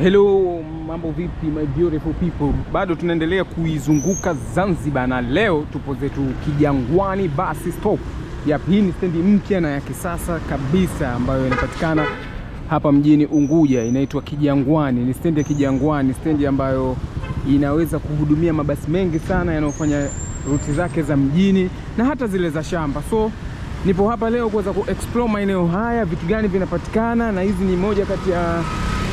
Hello, mambo vipi my beautiful people, bado tunaendelea kuizunguka Zanzibar na leo tupo zetu Kijangwani basi stop. Yap, hii ni stendi mpya na ya kisasa kabisa ambayo inapatikana hapa mjini Unguja, inaitwa Kijangwani. Ni stendi ya Kijangwani, stendi ambayo inaweza kuhudumia mabasi mengi sana yanayofanya ruti zake za mjini na hata zile za shamba. So nipo hapa leo kuweza kuexplore maeneo haya, vitu gani vinapatikana, na hizi ni moja kati ya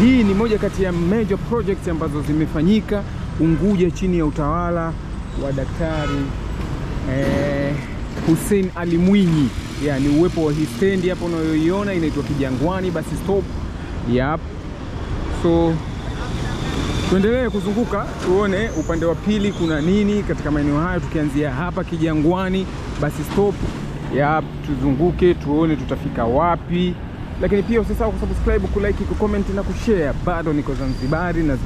hii ni moja kati ya major projects ambazo zimefanyika Unguja chini ya utawala wa Daktari eh, Hussein Ali Mwinyi. Yani uwepo wa hii stendi hapo unayoiona inaitwa Kijangwani basi stop. Yep. So tuendelee kuzunguka tuone upande wa pili kuna nini katika maeneo hayo, tukianzia hapa Kijangwani basi stop. Yep. Tuzunguke tuone tutafika wapi lakini pia usisahau kusubscribe, kulike, kucomment na kushare. Bado niko Zanzibari na,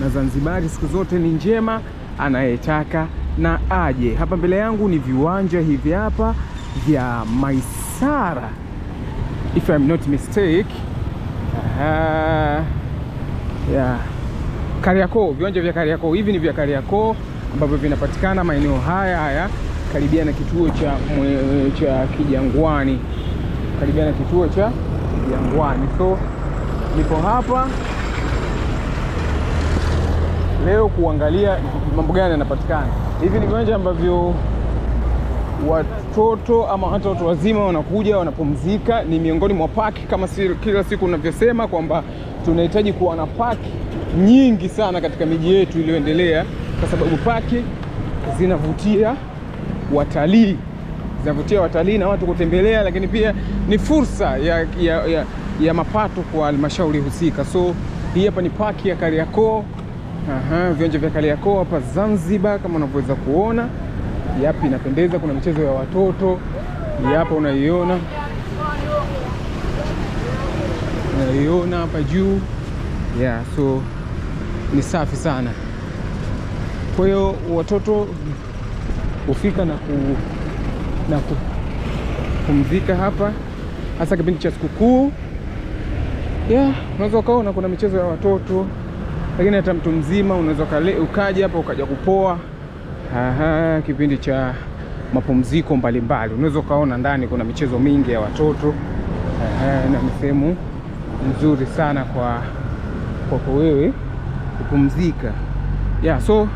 na Zanzibari siku zote ni njema, anayetaka na aje. Hapa mbele yangu ni viwanja hivi hapa vya Maisara if I'm not mistake. Uh, Yeah. Kariakoo, viwanja vya Kariakoo, hivi ni vya Kariakoo ambavyo vinapatikana maeneo haya haya karibia na kituo cha, cha Kijangwani karibia na kituo cha Jangwani. So nipo hapa leo kuangalia mambo gani yanapatikana. Hivi ni viwanja ambavyo watoto ama hata watu wazima wanakuja wanapumzika. Ni miongoni mwa paki, kama kila siku unavyosema kwamba tunahitaji kuwa na paki nyingi sana katika miji yetu iliyoendelea, kwa sababu paki zinavutia watalii zinavutia watalii na watu kutembelea, lakini pia ni fursa ya, ya, ya, ya mapato kwa halmashauri husika. So hii hapa ni paki ya Kariakoo. Aha, viwanja vya Kariakoo hapa Zanzibar kama unavyoweza kuona. Yapi inapendeza, kuna michezo ya watoto hapa, unaiona unaiona hapa juu yeah, so ni safi sana. Kwa hiyo watoto hufika na ku na kupumzika hapa, hasa kipindi cha sikukuu. Yeah, unaweza ukaona kuna michezo ya watoto, lakini hata mtu mzima unaweza ukaja hapa ukaja kupoa. Aha, kipindi cha mapumziko mbalimbali, unaweza ukaona ndani kuna michezo mingi ya watoto. Aha, na ni sehemu nzuri sana kwa kwako wewe kupumzika. Yeah, so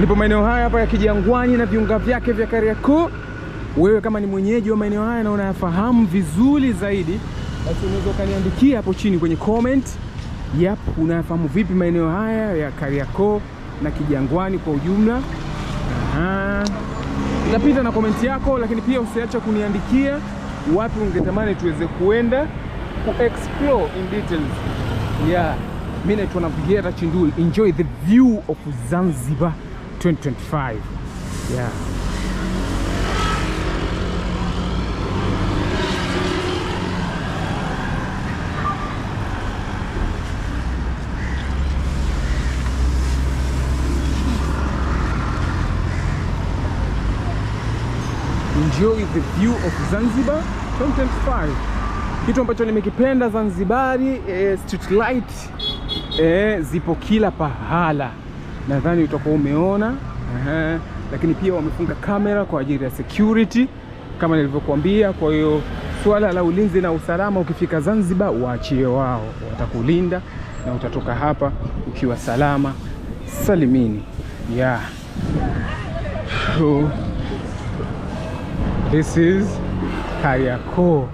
nipo maeneo haya hapa ya Kijangwani na viunga vyake vya Kariakoo wewe kama ni mwenyeji wa maeneo haya na unayafahamu vizuri zaidi, basi unaweza ukaniandikia hapo chini kwenye comment. Yap, unayafahamu vipi maeneo haya ya Kariakoo na Kijangwani kwa ujumla? Napita na komenti yako, lakini pia usiacha kuniandikia wapi ungetamani tuweze kuenda ku explore in details. Yeah, mimi naitwa Navigator Chinduli. Enjoy the view of Zanzibar 2025. Yeah. enjoy the view of Zanzibar 2025. Kitu ambacho nimekipenda Zanzibari, eh, street light eh, zipo kila pahala, nadhani utakuwa umeona -huh. Lakini pia wamefunga kamera kwa ajili ya security kama nilivyokuambia. Kwa hiyo swala la ulinzi na usalama, ukifika Zanzibar waachie wao, watakulinda na utatoka hapa ukiwa salama salimini, yeah. This is Kariakoo.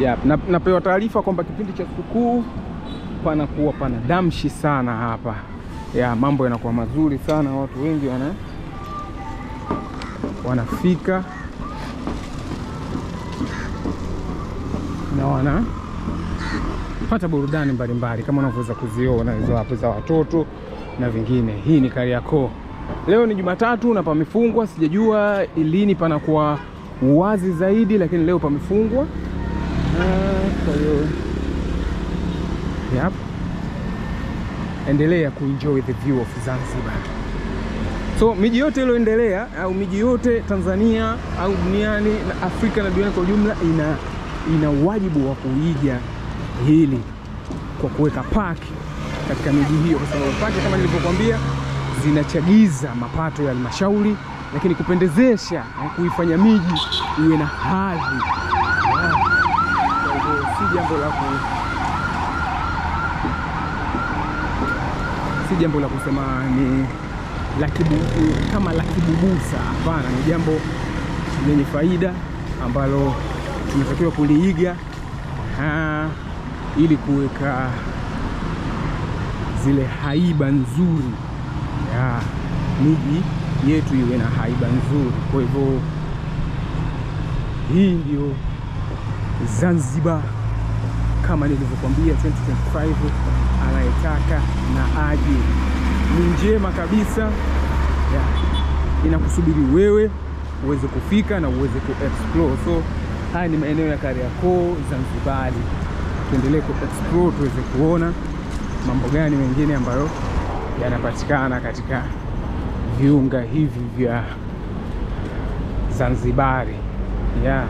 Yep, na, napewa taarifa kwamba kipindi cha sikukuu panakuwa pana damshi sana hapa ya mambo yanakuwa mazuri sana, watu wengi wana wanafika na wanapata burudani mbalimbali kama unavyoweza kuziona hizo hapo za watoto na vingine. Hii ni Kariakoo. Leo ni Jumatatu na pamefungwa, sijajua lini panakuwa wazi zaidi, lakini leo pamefungwa. Ah, kwa hiyo yep, endelea kuenjoy the view of Zanzibar. So miji yote iliyoendelea au miji yote Tanzania au duniani na Afrika na duniani kwa ujumla ina, ina wajibu wa kuiga hili kwa kuweka park katika miji hiyo, kwa sababu park kama nilivyokuambia zinachagiza mapato ya halmashauri, lakini kupendezesha kuifanya miji iwe na hali Si jambo la ku si jambo la kusema ni la kama la kibubusa, hapana. Ni jambo lenye faida ambalo tunatakiwa kuliiga eh, ili kuweka zile haiba nzuri ya miji yetu iwe na haiba nzuri. Kwa hivyo hii ndio Zanzibar kama nilivyokwambia 2025 anayetaka na aje, ni njema kabisa ya, inakusubiri wewe uweze kufika na uweze kuexplore. So haya ni maeneo ya Kariakoo Zanzibari, tuendelee kuexplore tuweze kuona mambo gani mengine ambayo yanapatikana katika viunga hivi vya Zanzibari yeah.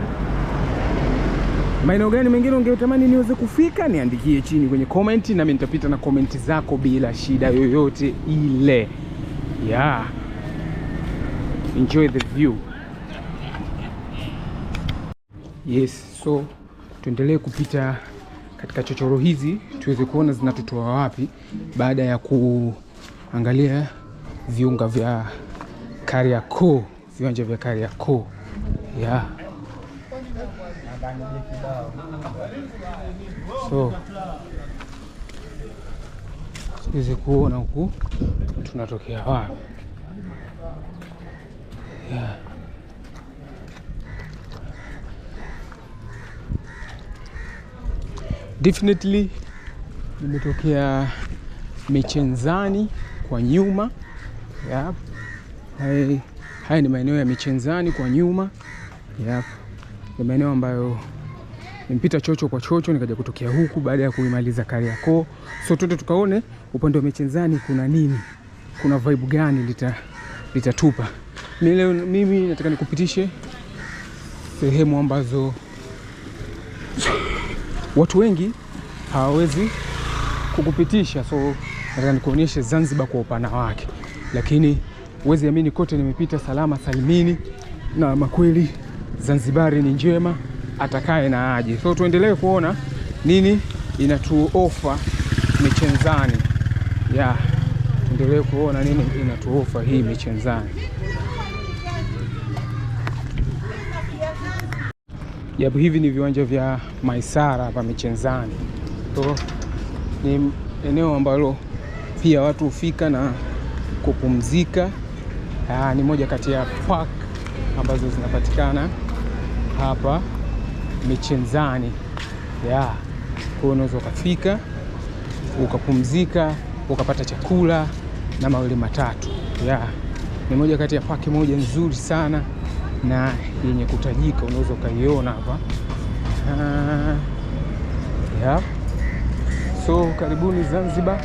Maeneo gani mengine ungetamani niweze kufika? Niandikie chini kwenye komenti, nami nitapita na komenti zako bila shida yoyote ile yeah. Enjoy the view. Yes, so tuendelee kupita katika chochoro hizi tuweze kuona zinatutoa wapi baada ya ku angalia viunga vya Kariakoo, viwanja vya Kariakoo ya So siwezi kuona huku tunatokea wapi ya Definitely nimetokea Michenzani kwa nyuma yeah. Haya, ni maeneo ya michenzani kwa nyuma yeah. Ni maeneo ambayo nimpita chocho kwa chocho nikaja kutokea huku baada ya kuimaliza Kariakoo. So tuende tukaone upande wa michenzani kuna nini, kuna vibe gani lita litatupa. Mimi leo mimi nataka nikupitishe sehemu ambazo watu wengi hawawezi kukupitisha so nataka nikuonyeshe Zanzibar kwa upana wake, lakini uwezi amini, kote nimepita salama salimini, na makweli Zanzibari ni njema, atakaye na aje. So tuendelee kuona nini inatuofa Michenzani ya yeah. Tuendelee kuona nini inatuofa hii Michenzani ya hivi ni viwanja vya Maisara hapa Michenzani. So ni eneo ambalo pia watu hufika na kupumzika. Aa, ah, ni moja kati ya park ambazo zinapatikana hapa Michenzani ya Kwa unaweza ukafika ukapumzika ukapata chakula na mawili matatu ya Ni moja kati ya paki moja nzuri sana na yenye kutajika, unaweza ukaiona hapa ah, ya. So karibuni Zanzibar.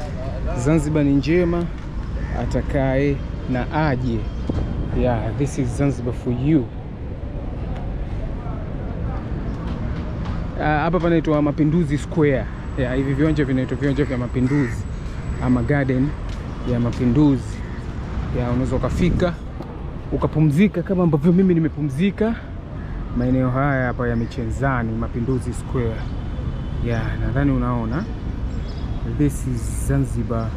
Zanzibar ni njema, atakaye na aje. Yeah, this is Zanzibar for you. Ah, hapa panaitwa Mapinduzi Square. Yeah, hivi viwanja vinaitwa viwanja vya Mapinduzi ama garden ya Mapinduzi. Yeah, unaweza ukafika ukapumzika kama ambavyo mimi nimepumzika maeneo haya hapa ya Michenzani Mapinduzi Square. Yeah, nadhani unaona this is Zanzibar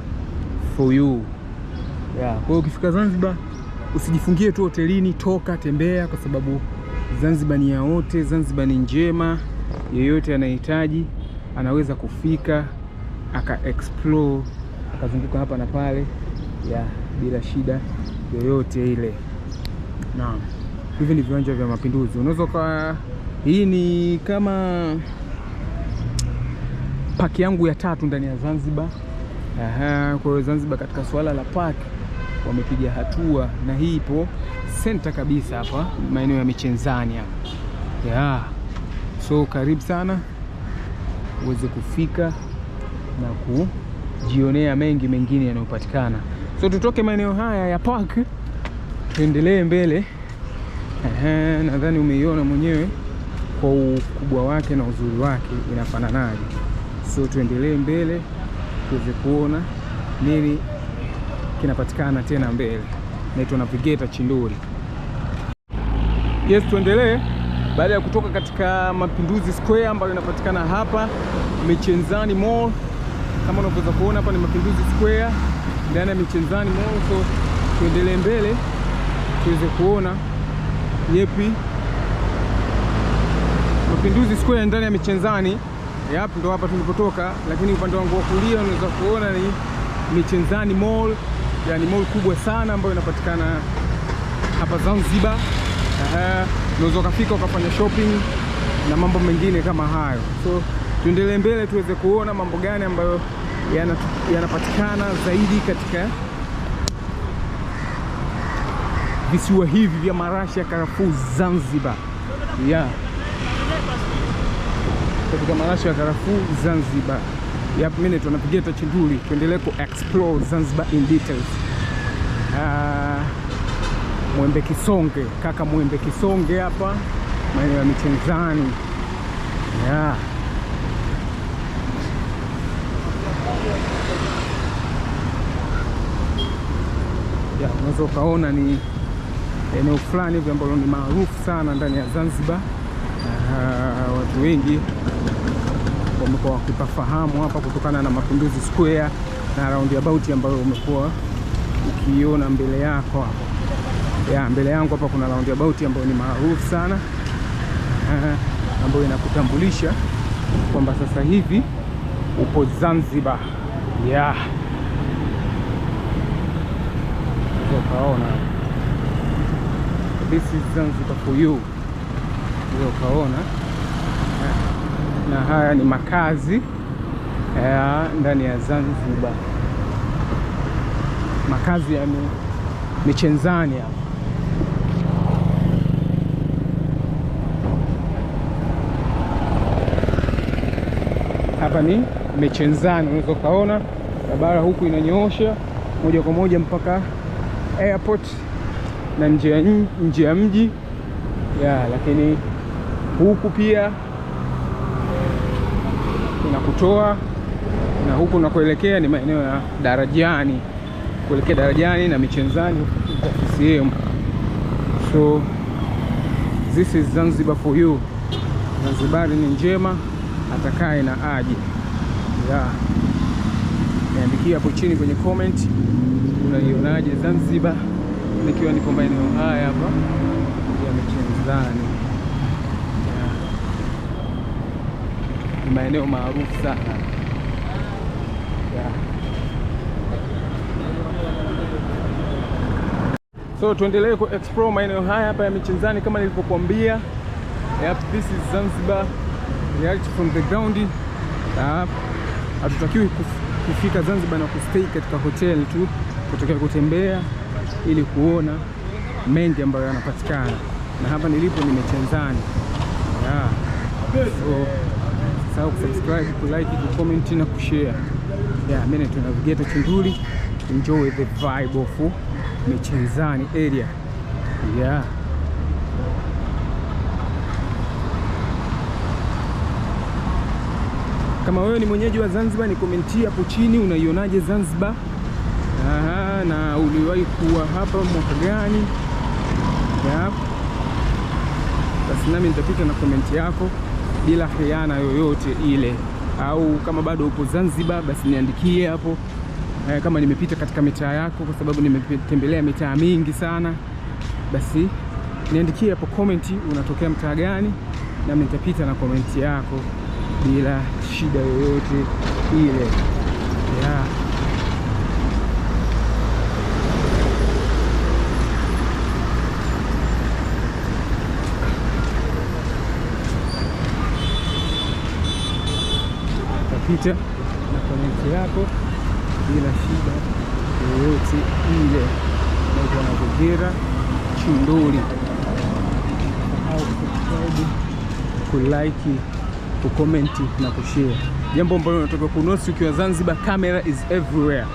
for you yeah. Kwa hiyo ukifika Zanzibar usijifungie tu hotelini, toka tembea, kwa sababu Zanzibar ni ya wote. Zanzibar ni njema, yeyote anahitaji anaweza kufika aka explore akazunguka hapa na pale ya bila shida yoyote ile. Naam, hivi ni viwanja vya Mapinduzi. Unaweza ukawa hii ni kama paki yangu ya tatu ndani ya Zanzibar. Aha, kwa hiyo Zanzibar katika suala la park wamepiga hatua, na hii ipo senta kabisa hapa maeneo ya Michenzani hapa yeah. So karibu sana uweze kufika na kujionea mengi mengine yanayopatikana. So tutoke maeneo haya ya park tuendelee mbele. Nadhani umeiona mwenyewe kwa ukubwa wake na uzuri wake inafananaje so tuendelee mbele tuweze kuona nini kinapatikana tena mbele. Naitwa Navigator Chinduli. Yes, tuendelee. Baada ya kutoka katika Mapinduzi Square ambayo inapatikana hapa Michenzani Mall, kama unavyoweza kuona hapa ni Mapinduzi Square ndani ya Michenzani Mall. So tuendelee mbele tuweze kuona yepi Mapinduzi Square ndani ya Michenzani Yep, ndo hapa tulipotoka, lakini upande wangu wa kulia unaweza kuona ni Michenzani Mall, yani mall kubwa sana ambayo inapatikana hapa Zanzibar. Unaweza ukafika ukafanya shopping na mambo mengine kama hayo. So tuendelee mbele tuweze kuona mambo gani ambayo yanapatikana yana zaidi katika visiwa hivi vya marashi ya karafuu Zanzibar, yeah katika marasha ya karafuu Zanzibar. Yap minute wanapigia tachinduli, tuendelee ku explore Zanzibar in details. Uh, Mwembe Kisonge, kaka Mwembe Kisonge hapa maeneo ya Michenzani yeah. Yeah, unaweza ukaona ni eneo fulani hivi ambalo ni maarufu sana ndani ya Zanzibar. Uh, watu wengi wamekuwa wakipafahamu hapa kutokana na Mapinduzi Square na roundabout ambayo umekuwa ukiona mbele yako hapo. Ya, mbele yangu hapa kuna roundabout ambayo ni maarufu sana eh, ambayo inakutambulisha kwamba sasa hivi upo Zanzibar. Ya, ukaona this is Zanzibar for you, ukaona na haya ni makazi ya ndani ya Zanzibar, makazi ya michenzani hapa. Hapa ni michenzani, unaweza ukaona barabara huku inanyoosha moja kwa moja mpaka airport na nje ya mji ya, lakini huku pia kutoa, na huku kuelekea ni maeneo ya Darajani, kuelekea Darajani na Michenzani za CCM. So this is Zanzibar for you. Zanzibari ni njema, atakaye na aje. Yeah. Niandikia hapo chini kwenye comment unaionaje Zanzibar, nikiwa niko maeneo haya hapa ya Michenzani. ni maeneo maarufu sana yeah. So tuendelee ku explore maeneo haya hapa ya Michenzani kama nilivyokuambia. Yep, this is Zanzibar reality from the ground. Hatutakiwi kufika Zanzibar na kustay katika hotel tu, kutokea kutembea ili kuona mengi ambayo yanapatikana, na hapa nilipo ni Michenzani yeah. so, usisahau kusubscribe, kulike, kucomment na kushare. Yeah, mimi ni Navigator Chunduli. Enjoy the vibe of Michenzani area. Yeah. Kama wewe ni mwenyeji wa Zanzibar, ni komenti hapo chini unaionaje Zanzibar? Aha, na uliwahi kuwa hapa mwaka gani? Basi nami nitapita na komenti yako bila khiana yoyote ile, au kama bado upo Zanzibar, basi niandikie hapo e, kama nimepita katika mitaa yako, kwa sababu nimetembelea mitaa mingi sana, basi niandikie hapo komenti, unatokea mtaa gani, nami nitapita na komenti yako bila shida yoyote ile yeah. kupita na konekti yako bila shida yoyote ile. Naitwa Nagogira Chinduli, au kusubscribe, kulike, kukomenti na kushare, jambo ambalo unatoka kunosi ukiwa Zanzibar. Camera is everywhere,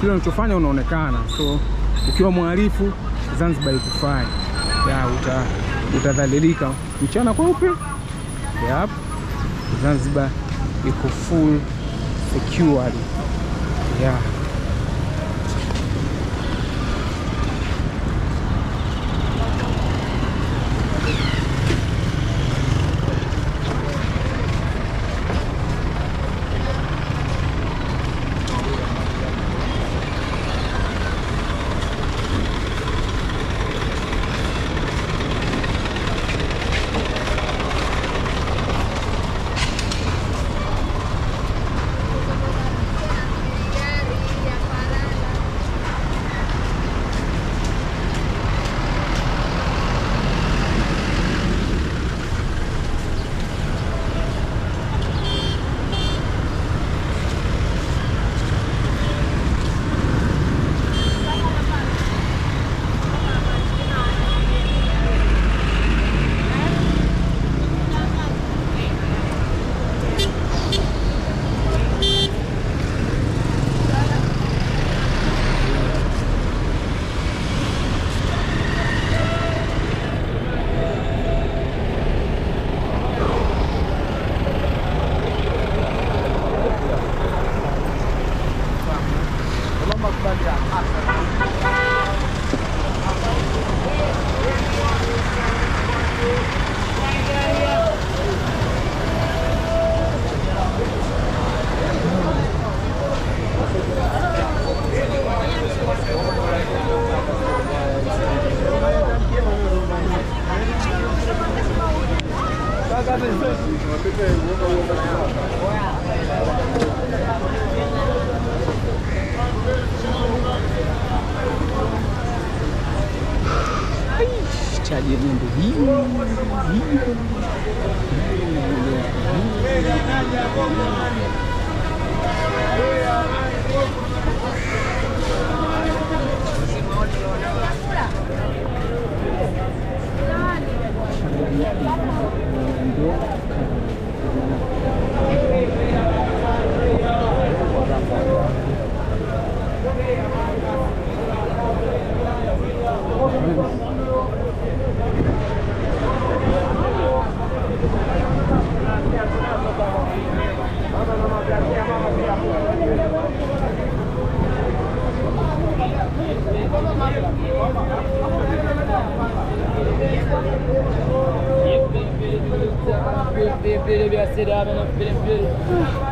kile unachofanya unaonekana. So ukiwa mwarifu Zanzibar ikufai ya uta utadhalilika mchana kweupe. Yep, Zanzibar iko full secured yeah. Serie A benim bir